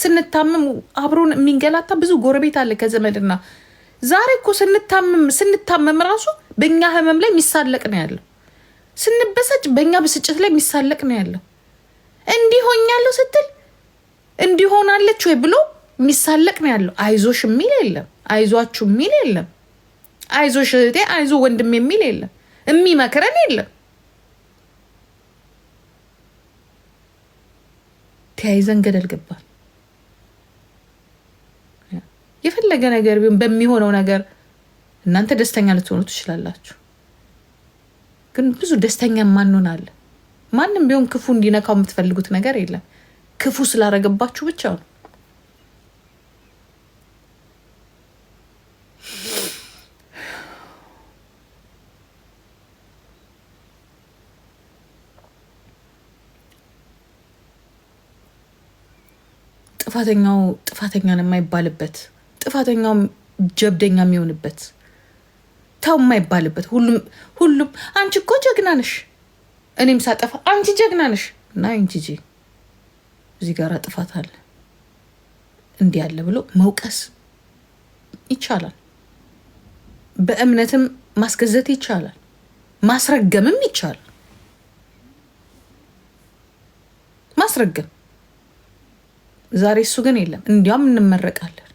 ስንታምም አብሮን የሚንገላታ ብዙ ጎረቤት አለ ከዘመድና ዛሬ እኮ ስንታምም ስንታመም ራሱ በእኛ ህመም ላይ የሚሳለቅ ነው ያለው። ስንበሳጭ በእኛ ብስጭት ላይ የሚሳለቅ ነው ያለው። እንዲሆኛለሁ ስትል እንዲሆናለች ወይ ብሎ የሚሳለቅ ነው ያለው። አይዞሽ የሚል የለም። አይዟችሁ የሚል የለም። አይዞሽ እህቴ፣ አይዞ ወንድም የሚል የለም። የሚመክረን የለም። ተያይዘን ገደል ገባል። የፈለገ ነገር ቢሆን በሚሆነው ነገር እናንተ ደስተኛ ልትሆኑ ትችላላችሁ። ግን ብዙ ደስተኛ ማንሆን አለ። ማንም ቢሆን ክፉ እንዲነካው የምትፈልጉት ነገር የለም። ክፉ ስላረገባችሁ ብቻ ነው። ጥፋተኛው ጥፋተኛን የማይባልበት ጥፋተኛውም ጀብደኛ የሚሆንበት ተው የማይባልበት ሁሉም ሁሉም አንቺ እኮ ጀግና ነሽ፣ እኔም ሳጠፋ አንቺ ጀግና ነሽ እና ጂ እዚህ ጋር ጥፋት አለ እንዲህ ያለ ብሎ መውቀስ ይቻላል። በእምነትም ማስገዘት ይቻላል፣ ማስረገምም ይቻላል። ማስረገም ዛሬ እሱ ግን የለም። እንዲያውም እንመረቃለን።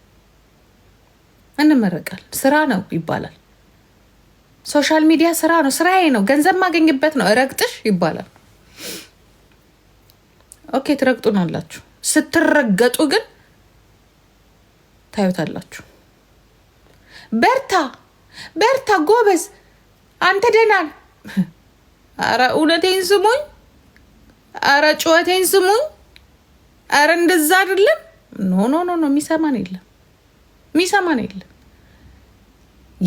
እንመረቃል። ስራ ነው ይባላል። ሶሻል ሚዲያ ስራ ነው፣ ስራዬ ነው፣ ገንዘብ ማገኝበት ነው። እረግጥሽ ይባላል። ኦኬ ትረግጡን አላችሁ። ስትረገጡ ግን ታዩታላችሁ። በርታ በርታ፣ ጎበዝ፣ አንተ ደናል። አረ እውነቴን ስሙኝ፣ አረ ጩኸቴን ስሙኝ፣ አረ እንደዛ አይደለም። ኖ ኖ ኖ፣ የሚሰማን የለም። ሚሰማን የለ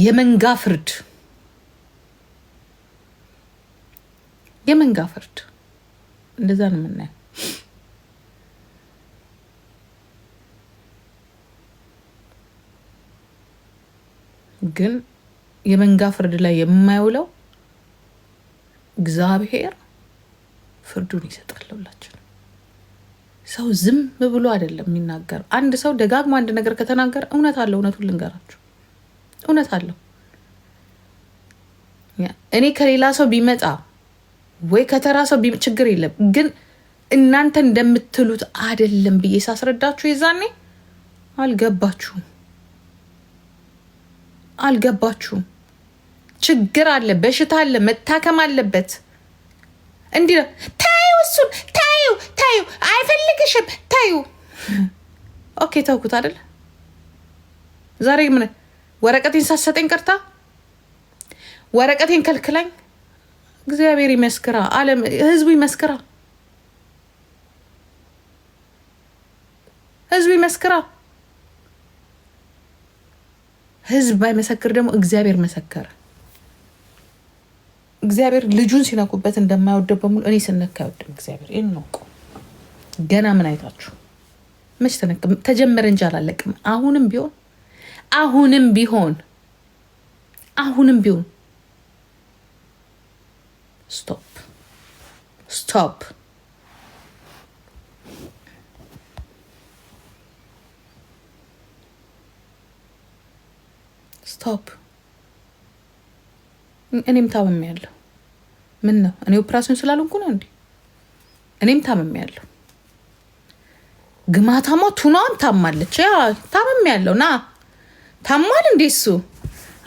የመንጋ ፍርድ የመንጋ ፍርድ እንደዛ ነው የምናየው። ግን የመንጋ ፍርድ ላይ የማይውለው እግዚአብሔር ፍርዱን ይሰጣል ለሁላችን። ሰው ዝም ብሎ አይደለም የሚናገር። አንድ ሰው ደጋግሞ አንድ ነገር ከተናገረ እውነት አለው። እውነቱን ልንገራችሁ፣ እውነት አለው። እኔ ከሌላ ሰው ቢመጣ ወይ ከተራ ሰው ችግር የለም፣ ግን እናንተ እንደምትሉት አይደለም ብዬ ሳስረዳችሁ የዛኔ አልገባችሁም አልገባችሁም። ችግር አለ፣ በሽታ አለ፣ መታከም አለበት። እንዲህ ነው። ተይው እሱን ታዩ ታዩ አይፈልግሽም ታዩ። ኦኬ ተውኩት አይደል? ዛሬ ምን ወረቀቴን ሳሰጠኝ ቀርታ ወረቀቴን ከልክላኝ። እግዚአብሔር ይመስክራ፣ ዓለም ህዝቡ ይመስክራ፣ ህዝቡ ይመስክራ። ህዝብ ባይመሰክር ደግሞ እግዚአብሔር መሰከረ። እግዚአብሔር ልጁን ሲነኩበት እንደማይወደው በሙሉ እኔ ስነካ አይወድም እግዚአብሔር። ይህን ነው ገና ምን አይታችሁ መች ተነክ ተጀመረ እንጂ አላለቅም። አሁንም ቢሆን አሁንም ቢሆን አሁንም ቢሆን ስቶፕ ስቶፕ ስቶፕ እኔም ታምም ያለሁ ምን ነው እኔ ኦፕራሲዮን ስላልሆንኩ ነው እንዴ? እኔም ታምም ያለሁ ግማታማ ቱናዋም ታማለች። ታምም ያለው ና ታሟል እንዴ እሱ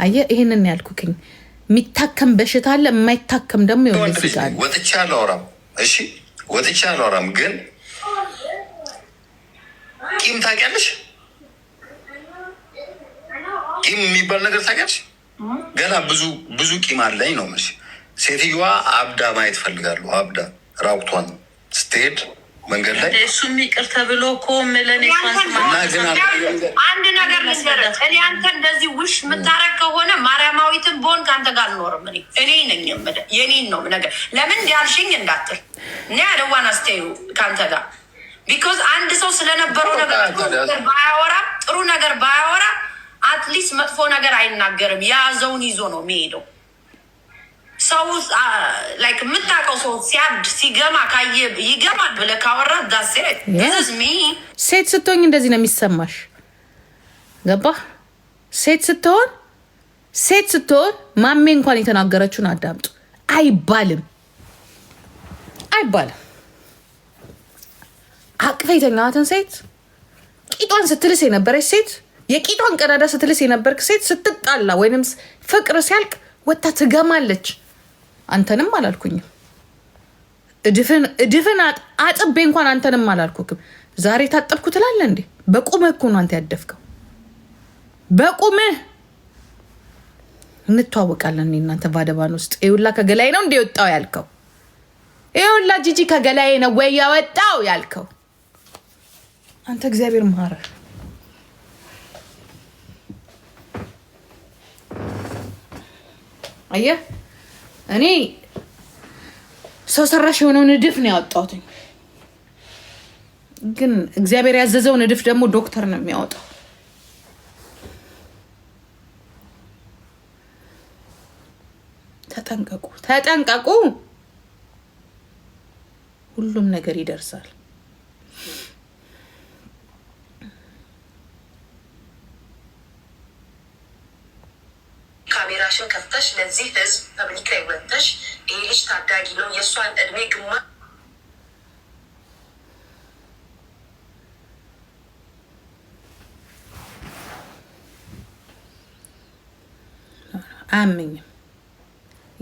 አየ ይሄንን ያልኩክኝ የሚታከም በሽታ አለ፣ የማይታከም ደግሞ የሆነ ስጋ አለ። ወጥቼ አላወራም፣ እሺ ወጥቼ አላወራም። ግን ቂም ታውቂያለሽ? ቂም የሚባል ነገር ታውቂያለሽ? ገና ብዙ ብዙ ቂም አለኝ ነው መቼ ሴትዮዋ አብዳ ማየት ፈልጋሉ። አብዳ ራቁቷን ስትሄድ መንገድ ላይ እሱም ይቅር ተብሎ እኮ ምለን አንድ ነገር ልንገርህ፣ እኔ አንተ እንደዚህ ውሽ የምታረግ ከሆነ ማርያማዊትን ቦን ከአንተ ጋር አልኖርም። እኔ እኔ ነኝ የምልህ የኔን ነው ነገር ለምን እንዲያልሽኝ እንዳትል እኔ አደዋን አስተዩ ከአንተ ጋር ቢኮዝ አንድ ሰው ስለነበረው ነገር ጥሩ ነገር ባያወራ ጥሩ ነገር ባያወራ አትሊስት መጥፎ ነገር አይናገርም። የያዘውን ይዞ ነው የሚሄደው። ሰው ላይክ የምታውቀው ሰው ሲያድ ሲገማ ካየ ይገማል ብለህ ካወራት ዳሴት ሴት ስትሆኝ እንደዚህ ነው የሚሰማሽ። ገባ ሴት ስትሆን ሴት ስትሆን ማሜ እንኳን የተናገረችውን አዳምጡ አይባልም፣ አይባልም። አቅፈ የተኛዋትን ሴት ቂጧን ስትልስ የነበረች ሴት የቂጧን ቀዳዳ ስትልስ የነበርክ ሴት ስትጣላ ወይም ፍቅር ሲያልቅ ወታ ትገማለች። አንተንም አላልኩኝም፣ እድፍን አጥቤ እንኳን አንተንም አላልኩክም። ዛሬ ታጠብኩ ትላለህ እንዴ? በቁምህ እኮ ነው አንተ ያደፍከው። በቁምህ እንተዋወቃለን እናንተ ባደባን ውስጥ ይኸውላ ከገላይ ነው እንደ ወጣው ያልከው ይኸውላ ጂጂ ከገላይ ነው ወይ ያወጣው ያልከው አንተ እግዚአብሔር መሐረህ አየህ እኔ ሰው ሰራሽ የሆነው ንድፍ ነው ያወጣሁትኝ፣ ግን እግዚአብሔር ያዘዘው ንድፍ ደግሞ ዶክተር ነው የሚያወጣው። ተጠንቀቁ፣ ተጠንቀቁ። ሁሉም ነገር ይደርሳል። ካሜራሽን ከፍተሽ ለዚህ ህዝብ ፐብሊክ ላይ ወጥተሽ ይሄ ልጅ ታዳጊ ነው የእሷን እድሜ ግማ አያመኝም።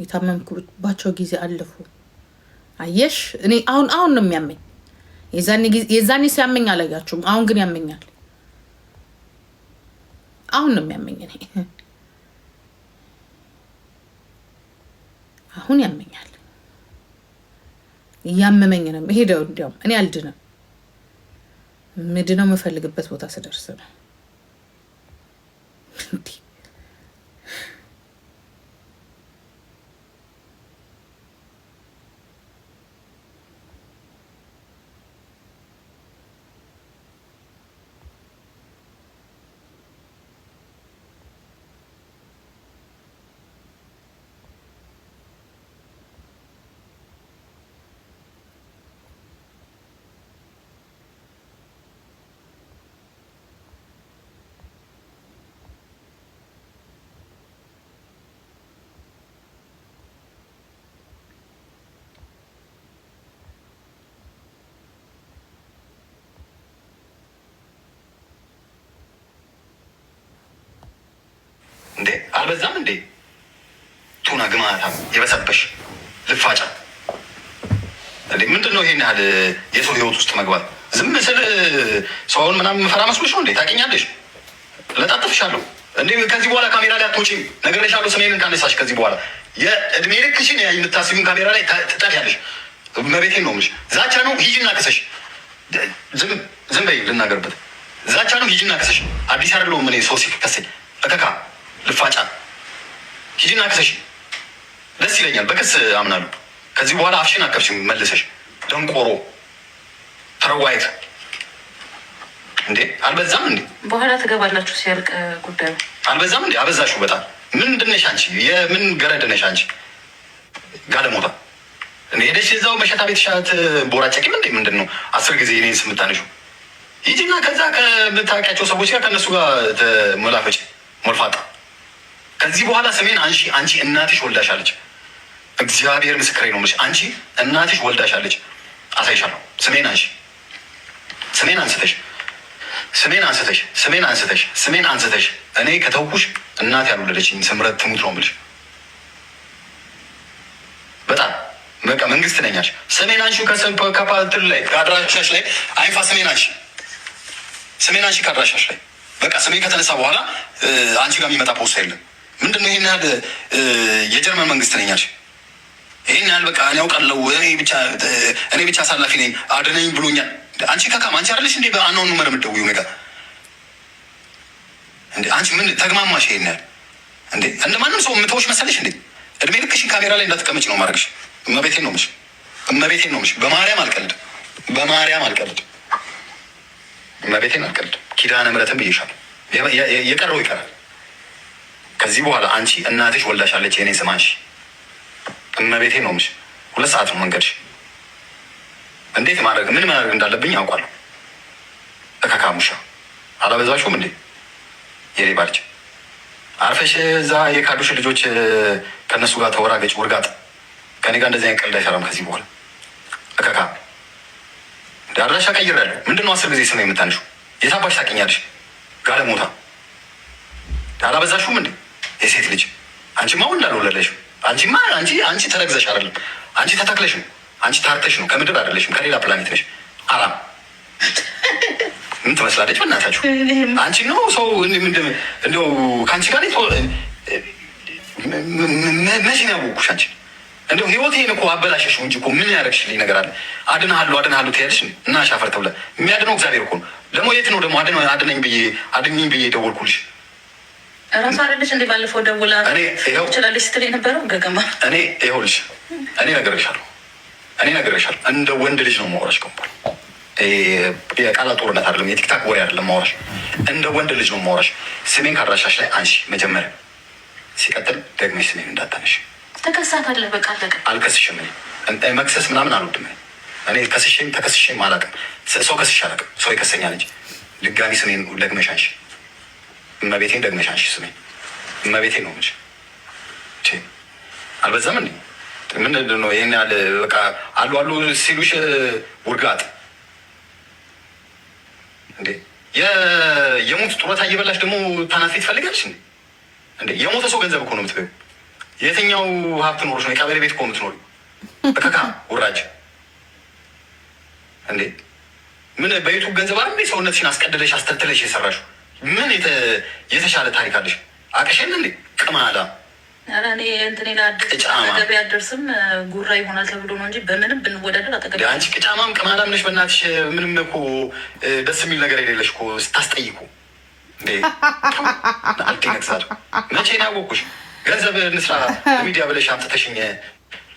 የታመምኩባቸው ጊዜ አለፉ። አየሽ፣ እኔ አሁን አሁን ነው የሚያመኝ። የዛኔ ሲያመኝ አላያችሁም። አሁን ግን ያመኛል። አሁን ነው የሚያመኝ እኔ አሁን ያመኛል፣ እያመመኝ ነው። ሄደው እንዲያውም እኔ አልድንም፣ ምድነው የምፈልግበት ቦታ ስደርስ ነው። አላበዛም እንዴ? ቱና ግማታ የበሰበሽ ልፋጫ እንዴ! ምንድን ነው ይሄን ያህል የሰው ህይወት ውስጥ መግባት? ዝም ስል ሰውን ምናምን ምፈራ መስሎሽ ነው እንዴ? ታውቂኛለሽ፣ ለጣጥፍሻለሁ እንዴ ከዚህ በኋላ ካሜራ ላይ አትወጪም፣ ነግሬሻለሁ። ስሜን ካነሳሽ ከዚህ በኋላ የእድሜ ልክሽን የምታስቢውን ካሜራ ላይ ትጠፊያለሽ። መቤቴን ነው የምልሽ። ዛቻ ነው። ሂጂና ክሰሽ። ዝም በይ ልናገርበት። ዛቻ ነው። ሂጂና ክሰሽ። አዲስ አይደለሁም እኔ ሰው ሲከሰኝ እከካ ልፋጫ ሂጂና ክሰሽ ደስ ይለኛል። በክስ አምናሉ። ከዚህ በኋላ አፍሽን አከፍሽ መልሰሽ። ደንቆሮ ተረዋይት እንዴ! አልበዛም እንዴ? በኋላ ትገባላችሁ ሲያልቅ ጉዳዩ። አልበዛም እንዴ? አበዛሹ በጣም ምንድን ነሽ አንቺ? የምን ገረድ ነሽ አንቺ? ጋለሞታ ሄደሽ የዛው መሸታ ቤት ሻት ቦራጨቂም እንዴ? ምንድን ነው አስር ጊዜ እኔን ስምታነሹ ይጂና ከዛ ከምታውቂያቸው ሰዎች ጋር ከእነሱ ጋር መላፈጭ ሞልፋጣ ከዚህ በኋላ ስሜን አንቺ አንቺ እናትሽ ወልዳሻለች፣ እግዚአብሔር ምስክሬ ነው አንቺ እናትሽ ወልዳሻለች፣ አሳይሻለሁ። ስሜን አንቺ ስሜን አንስተሽ ስሜን አንስተሽ ስሜን አንስተሽ ስሜን አንስተሽ እኔ ከተውኩሽ እናት ያልወለደችኝ ስምረት ትሙት ነው የምልሽ። በጣም በቃ መንግስት ነኛች። ስሜን አንሺ፣ ከፓትር ላይ ከአድራሻሽ ላይ አይፋ ስሜን አንሺ፣ ስሜን አንሺ ከአድራሻሽ ላይ በቃ ስሜን ከተነሳ በኋላ አንቺ ጋር የሚመጣ ፖስታ የለም። ምንድነው? ይህን ያህል የጀርመን መንግስት ነኝ አልሽ። ይህን ያህል በቃ እኔ አውቃለሁ፣ እኔ ብቻ አሳላፊ ነኝ፣ አድነኝ ብሎኛል። አንቺ ከካም አንቺ አይደለሽ እንዴ? በአናውን ኑመር የምትደውይው ነገር እንዴ? አንቺ ምን ተግማማሽ? ይሄን ያህል እንዴ? እንደ ማንም ሰው የምትወሽ መሰለሽ እንዴ? እድሜ ልክሽን ካሜራ ላይ እንዳትቀመጭ ነው ማድረግሽ። እመቤቴን ነው የምልሽ፣ እመቤቴን ነው የምልሽ። በማርያም አልቀልድ፣ በማርያም አልቀልድ፣ እመቤቴን አልቀልድ። ኪዳነ ምሕረትን ብዬሻለሁ። የቀረው ይቀራል። ከዚህ በኋላ አንቺ እናትሽ ወልዳሻለች የኔ ስማሽ እመቤቴ ነው የምልሽ። ሁለት ሰዓት ነው መንገድሽ። እንዴት ማድረግ ምን ማድረግ እንዳለብኝ አውቃለሁ? እከካሙሻ አላበዛሽም እንዴ የኔ ባልጭ አርፈሽ እዛ የካዱሽ ልጆች ከእነሱ ጋር ተወራገጭ ውርጋጥ። ከኔ ጋር እንደዚህ አይነት ቀልድ አይሰራም ከዚህ በኋላ እከካ። እንደ አድራሻ ቀይሬያለሁ። ምንድን ነው አስር ጊዜ ስም የምታንሹ? የታባሽ ታውቂኛለሽ? ጋለሞታ አላበዛሽም እንዴ? የሴት ልጅ አንቺማ ወንድ አልወለደሽም። አንቺማ አንቺ አንቺ ተረግዘሽ አይደለም አንቺ ተተክለሽ ነው። አንቺ ታርተሽ ነው። ከምድር አይደለሽም። ከሌላ ፕላኔት ነሽ። አራም ምን ትመስላለች? በእናታችሁ አንቺ ነው ሰው እንደው ከአንቺ ጋር መቼ ነው ያወቅኩሽ? አንቺ እንደው ህይወት ይሄን እኮ አበላሸሽ እንጂ እኮ ምን ያደረግሽልኝ ነገር አለ? አድንሃለሁ አድንሃለሁ ትያለሽ እና ሻፈር ተብለ የሚያድነው እግዚአብሔር እኮ ነው። ደግሞ የት ነው ደግሞ አድነኝ ብዬ አድኝኝ ብዬ ደወልኩልሽ? ራሱ አይደለሽ እንዴ? ባለፈው ደውላ ትችላለች ስትል የነበረው ገገማ። እኔ ይኸውልሽ፣ እኔ ነግሬሻለሁ፣ እኔ ነግሬሻለሁ። እንደ ወንድ ልጅ ነው ማውራሽ። ኮምፓል የቃላት ጦርነት አይደለም፣ የቲክታክ ወሬ አይደለም። ማውራሽ እንደ ወንድ ልጅ ነው ማውራሽ። ስሜን ካድራሻሽ ላይ አንሺ መጀመሪያ፣ ሲቀጥል ደግመሽ ስሜን እንዳታነሽ። ተከሳታለህ፣ በቃ አለቀ። አልከስሽም፣ መክሰስ ምናምን አልወድም እኔ። ከስሽም ተከስሽም አላውቅም። ሰው ከስሽ አላውቅም። ሰው የከሰኛ ልጅ ድጋሚ ስሜን ደግመሽ አንሺ። እመቤቴን ደግመሽ አንቺ ስሜን እመቤቴ ነው ምች አልበዛም እንዴ? ምንድን ነው ይህን ያለ በቃ አሉ አሉ ሲሉሽ ውርጋጥ እንዴ? የሞት ጡረታ እየበላሽ ደግሞ ታናፊ ትፈልጋለች እንዴ? እንዴ የሞተ ሰው ገንዘብ እኮ ነው ምትበ የትኛው ሀብት ኖሮች ነው? የቀበሌ ቤት እኮ የምትኖሪ በከካ ውራጅ እንዴ? ምን በዩቱብ ገንዘብ አረ ሰውነትሽን አስቀድለሽ አስተልትለሽ የሰራሽው ምን የተሻለ ታሪክ አለሽ? አቅሽን እንዴ ቅማላ ያደርስም ጉራ ይሆናል ተብሎ ነው ቅጫማም ቅማላም ነሽ። በእናትሽ ምንም እኮ ደስ የሚል ነገር የሌለሽ እኮ ስታስጠይቁ አልጤነቅሳል። መቼ ነው ያወቅኩሽ? ገንዘብ እንስራ ሚዲያ ብለሽ አምጥተሽኝ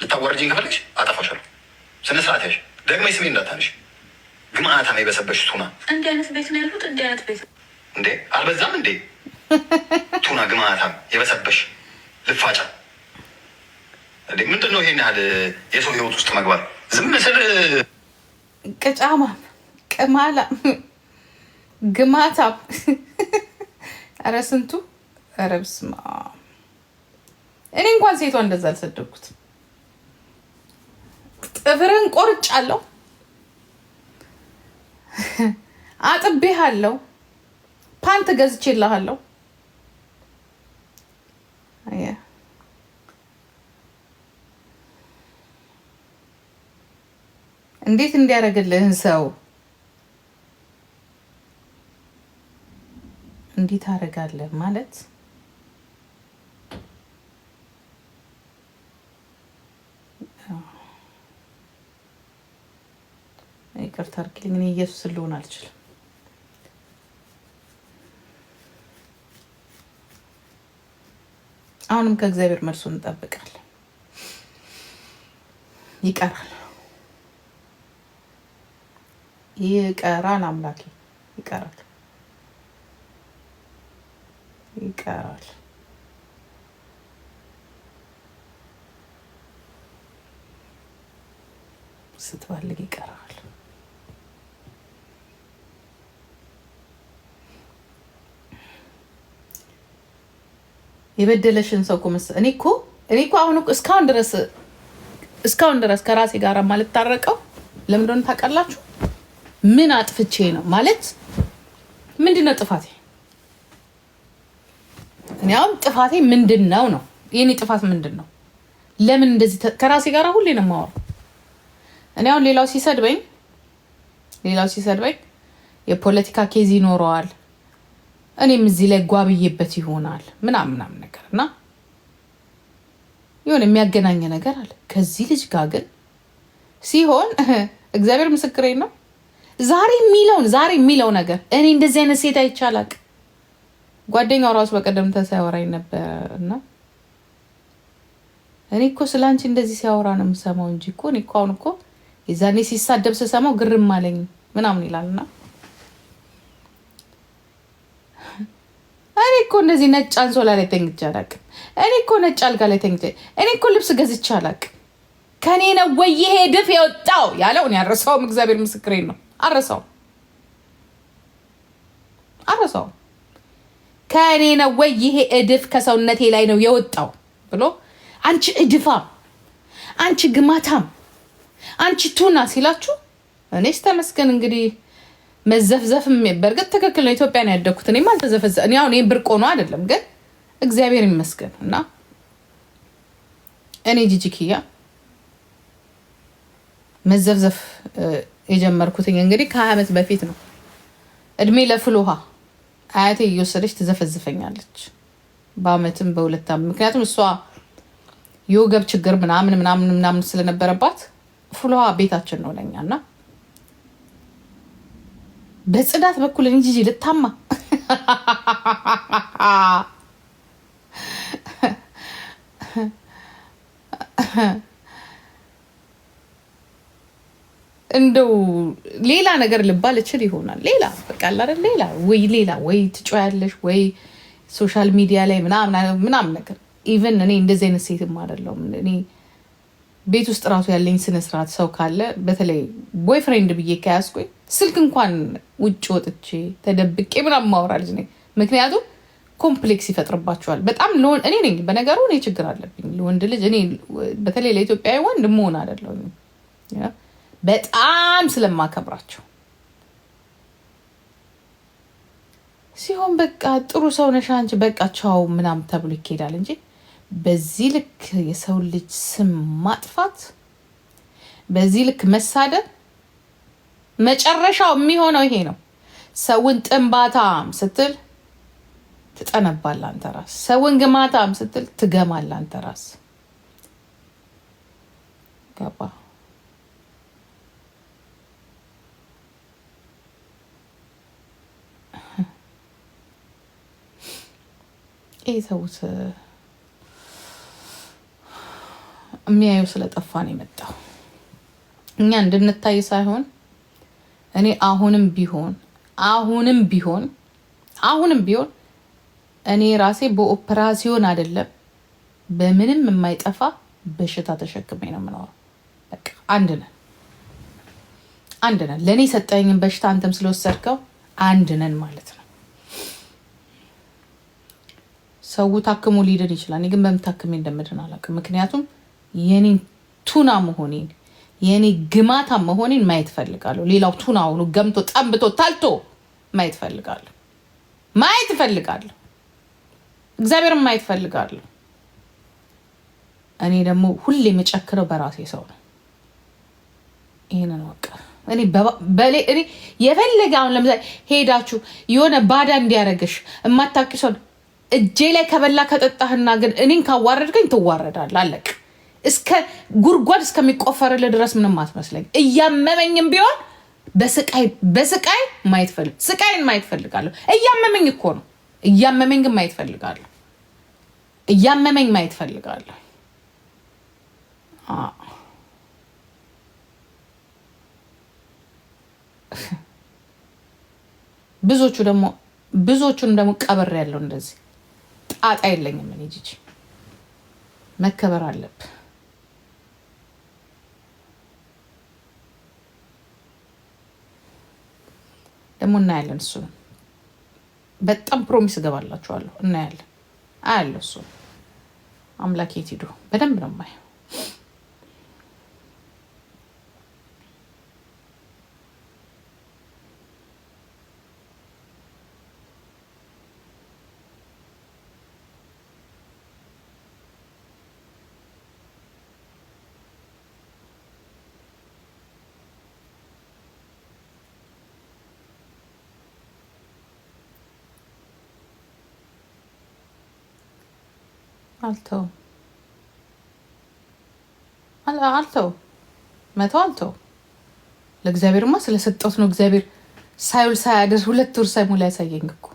ልታዋርጅኝ ከፈለግሽ አጠፋሻለሁ። ስነ ስርዓት ያሽ ደግሞ ስሜ እንዳታነሽ ግማታ ነው የበሰበሽ ቱና እንዲህ አይነት ቤት ነው ያሉት እንዲህ አይነት ቤት እንዴ አልበዛም እንዴ? ቱና ግማታም የበሰበሽ ልፋጫ እንዴ ምንድን ነው ይሄን ያህል የሰው ህይወት ውስጥ መግባት? ዝም ስል ቅጫማም፣ ግማታም ኧረ ስንቱ ኧረ በስመ አብ። እኔ እንኳን ሴቷ እንደዛ አልሰደብኩት። ጥፍርን ቆርጫለሁ አለው? ፓንት ገዝቼ እንዴት እንዲያደርግልህን ሰው እንዴት አደርጋለህ ማለት ይቅርታ አድርጊልኝ፣ እኔ ኢየሱስ ልሆን አልችልም። አሁንም ከእግዚአብሔር መልሶ እንጠብቃለን። ይቀራል ይቀራል፣ አምላኬ ይቀራል፣ ይቀራል። ስትፈልግ ይቀራል። የበደለሽን ሰው እኮ እኔ እኮ እኔ እኮ አሁን እስካሁን ድረስ እስካሁን ድረስ ከራሴ ጋር ማልታረቀው ለምንደሆነ ታውቃላችሁ? ምን አጥፍቼ ነው ማለት ምንድን ነው ጥፋቴ? እኔ አሁን ጥፋቴ ምንድን ነው ነው የኔ ጥፋት ምንድን ነው? ለምን እንደዚህ ከራሴ ጋር ሁሌ ነው የማወራው። እኔ አሁን ሌላው ሲሰድበኝ ሌላው ሲሰድበኝ የፖለቲካ ኬዝ ይኖረዋል እኔም እዚህ ላይ ጓብዬበት ይሆናል ምናምን ምናምን ነገር እና የሆነ የሚያገናኝ ነገር አለ ከዚህ ልጅ ጋር ግን ሲሆን እግዚአብሔር ምስክሬ ነው። ዛሬ የሚለውን ዛሬ የሚለው ነገር እኔ እንደዚህ አይነት ሴት አይቻላቅ። ጓደኛው ራሱ በቀደም ሲያወራኝ ነበር እና እኔ እኮ ስለ አንቺ እንደዚህ ሲያወራ ነው የምሰማው እንጂ እኮ እኔ እኮ አሁን እኮ የዛኔ ሲሳደብ ስሰማው ግርም አለኝ ምናምን ይላል እና እኔ እኮ እንደዚህ ነጭ አንሶላ ላይ ተኝቼ አላውቅም። እኔ እኮ ነጭ አልጋ ላይ ተኝቼ እኔ እኮ ልብስ ገዝቼ አላውቅም። ከኔ ነው ወይ ይሄ ድፍ የወጣው ያለው? እኔ አልረሳውም። እግዚአብሔር ምስክሬን ነው። አልረሳውም፣ አልረሳውም። ከእኔ ነው ወይ ይሄ እድፍ ከሰውነቴ ላይ ነው የወጣው ብሎ አንቺ እድፋም፣ አንቺ ግማታም፣ አንቺ ቱና ሲላችሁ እኔስ ተመስገን እንግዲህ መዘፍዘፍ በእርግጥ ትክክል ነው። ኢትዮጵያን ያደግኩት እኔም አልተዘፈዘ እኔ አሁን ብርቅ ሆኖ አይደለም ግን እግዚአብሔር ይመስገን እና እኔ ጂጂኪያ መዘፍዘፍ የጀመርኩትኝ እንግዲህ ከሀያ ዓመት በፊት ነው። እድሜ ለፍል ውሃ አያቴ እየወሰደች ትዘፈዝፈኛለች በአመትም በሁለት ዓመት ምክንያቱም እሷ የወገብ ችግር ምናምን ምናምን ምናምን ስለነበረባት ፍል ውሃ ቤታችን ነው ለኛ እና በጽዳት በኩል እኔ ጂጂ ልታማ እንደው ሌላ ነገር ልባል እችል ይሆናል። ሌላ በቃል ሌላ ወይ ሌላ ወይ ትጮያለሽ ወይ ሶሻል ሚዲያ ላይ ምናምን ምናምን ነገር ኢቨን እኔ እንደዚህ አይነት ሴትም አይደለሁም እኔ ቤት ውስጥ ራሱ ያለኝ ስነስርዓት ሰው ካለ በተለይ ቦይፍሬንድ ብዬ ከያዝኩኝ ስልክ እንኳን ውጭ ወጥቼ ተደብቄ ምናምን ማወራ ልጅ ነኝ። ምክንያቱም ኮምፕሌክስ ይፈጥርባቸዋል በጣም እኔ ነኝ በነገሩ እኔ ችግር አለብኝ ለወንድ ልጅ እኔ በተለይ ለኢትዮጵያዊ ወንድ መሆን አደለው በጣም ስለማከብራቸው ሲሆን በቃ ጥሩ ሰው ነሽ አንቺ በቃ ቻው ምናምን ተብሎ ይካሄዳል እንጂ በዚህ ልክ የሰው ልጅ ስም ማጥፋት፣ በዚህ ልክ መሳደብ፣ መጨረሻው የሚሆነው ይሄ ነው። ሰውን ጥንባታም ስትል ትጠነባለህ አንተ ራስ። ሰውን ግማታም ስትል ትገማለህ አንተ ራስ። ገባ ይህ ሰውት የሚያየው ስለጠፋ የመጣው። እኛ እንድንታይ ሳይሆን እኔ አሁንም ቢሆን አሁንም ቢሆን አሁንም ቢሆን እኔ ራሴ በኦፕራሲዮን አይደለም በምንም የማይጠፋ በሽታ ተሸክሜ ነው የምኖረው። በቃ አንድ ነን አንድ ነን። ለእኔ የሰጠኝን በሽታ አንተም ስለወሰድከው አንድ ነን ማለት ነው። ሰው ታክሙ ሊድን ይችላል። እኔ ግን በምታክሜ እንደምድን አላውቅም። ምክንያቱም የኔ ቱና መሆኔን የኔ ግማታ መሆኔን ማየት ፈልጋለሁ። ሌላው ቱና ሆኖ ገምቶ ጠንብቶ ታልቶ ማየት ፈልጋለሁ። ማየት ፈልጋለሁ። እግዚአብሔርን ማየት ፈልጋለሁ። እኔ ደግሞ ሁሌ የምጨክረው በራሴ ሰው ነው። ይህንን ወቀ እኔ የፈለገ አሁን ለምሳሌ ሄዳችሁ የሆነ ባዳ እንዲያደርግሽ የማታውቂ ሰው እጄ ላይ ከበላ ከጠጣህና ግን እኔን ካዋረድከኝ ትዋረዳል አለቅ እስከ ጉድጓድ እስከሚቆፈርልህ ድረስ ምንም አትመስለኝ። እያመመኝም ቢሆን በስቃይ በስቃይ ማየት ስቃይን ማየት ፈልጋለሁ። እያመመኝ እኮ ነው። እያመመኝ ግን ማየት ፈልጋለሁ። እያመመኝ ማየት ፈልጋለሁ። ብዙዎቹ ደግሞ ብዙዎቹንም ደግሞ ቀበር ያለው እንደዚህ ጣጣ የለኝም። እኔ ጂጂ መከበር አለብህ። ደግሞ እናያለን። እሱ በጣም ፕሮሚስ እገባላችኋለሁ። እናያለን፣ አያለሁ። እሱ አምላክ የት ሄዶ በደንብ ነው የማየው። አልተው አልተው መተው አልተው ለእግዚአብሔርማ ስለሰጠሁት ነው። እግዚአብሔር ሳይውል ሳያድር ሁለት ወር ሳይሞላ ያሳየኝ እኮ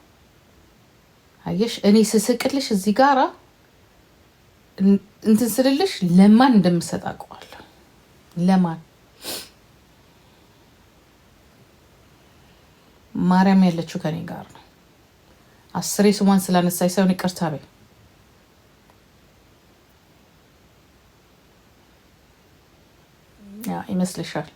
አየሽ። እኔ ስስቅልሽ እዚህ ጋራ እንትን ስልልሽ ለማን እንደምሰጥ አውቀዋለሁ። ለማን ማርያም ያለችው ከኔ ጋር ነው። አስሬ ስሟን ስላነሳኝ ሰውን ይቅርታ በይ ይመስልሻል?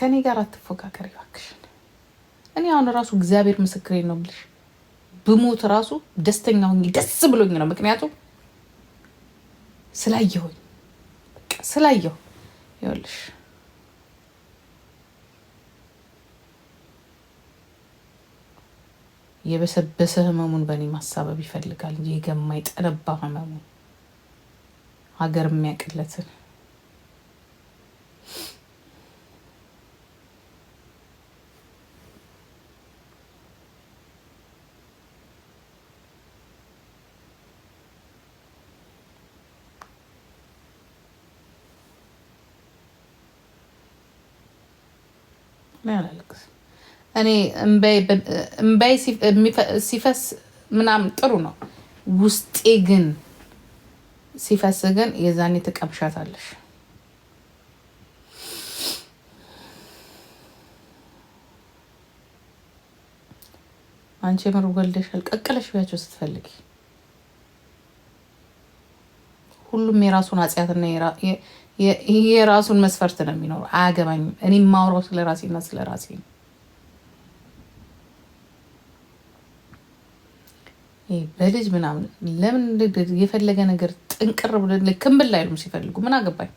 ከእኔ ጋር አትፎካከሪ እባክሽን። እኔ አሁን ራሱ እግዚአብሔር ምስክሬ ነው የምልሽ ብሞት ራሱ ደስተኛ ሆኜ ደስ ብሎኝ ነው። ምክንያቱም ስላየሆኝ ስላየሁ ይኸውልሽ የበሰበሰ ህመሙን በእኔ ማሳበብ ይፈልጋል እንጂ የገማ የጠነባ ህመሙን ሀገር የሚያቅለትን ምን እኔ እምባይ ሲፈስ ምናምን ጥሩ ነው። ውስጤ ግን ሲፈስ ግን የዛኔ ትቀምሻታለሽ። አንቺ የምር ወልደሻል። ቀቅለሽ ቢያቸው ስትፈልጊ ሁሉም የራሱን አጽያትና የራሱን መስፈርት ነው የሚኖረው። አያገባኝም። እኔ የማውራው ስለ ራሴና ስለ ራሴ ነው። በልጅ ምናምን ለምን የፈለገ ነገር ጥንቅር ብለ ክምብል አይሉም። ሲፈልጉ ምን አገባኝ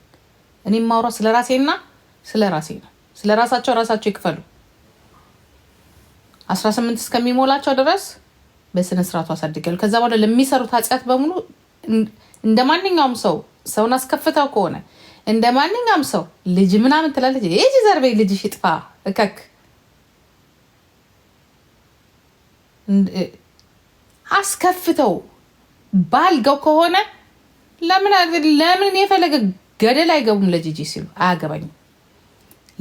እኔ ማውራ ስለ ራሴና ስለ ራሴ ነው። ስለ ራሳቸው ራሳቸው ይክፈሉ። አስራ ስምንት እስከሚሞላቸው ድረስ በስነ ስርዓቱ አሳድጋሉ። ከዛ በኋላ ለሚሰሩት ኃጢአት በሙሉ እንደ ማንኛውም ሰው ሰውን አስከፍተው ከሆነ እንደ ማንኛውም ሰው ልጅ ምናምን ትላለች። ይህ ዘርቤ ልጅሽ ይጥፋ እከክ አስከፍተው ባልገው ከሆነ ለምን ለምን የፈለገ ገደል አይገቡም? ለጂጂ ሲሉ አያገባኝም።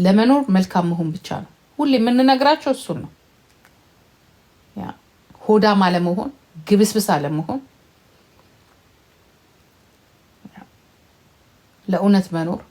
ለመኖር መልካም መሆን ብቻ ነው። ሁሌ የምንነግራቸው እሱን ነው። ሆዳም አለመሆን፣ ግብስብስ አለመሆን፣ ለእውነት መኖር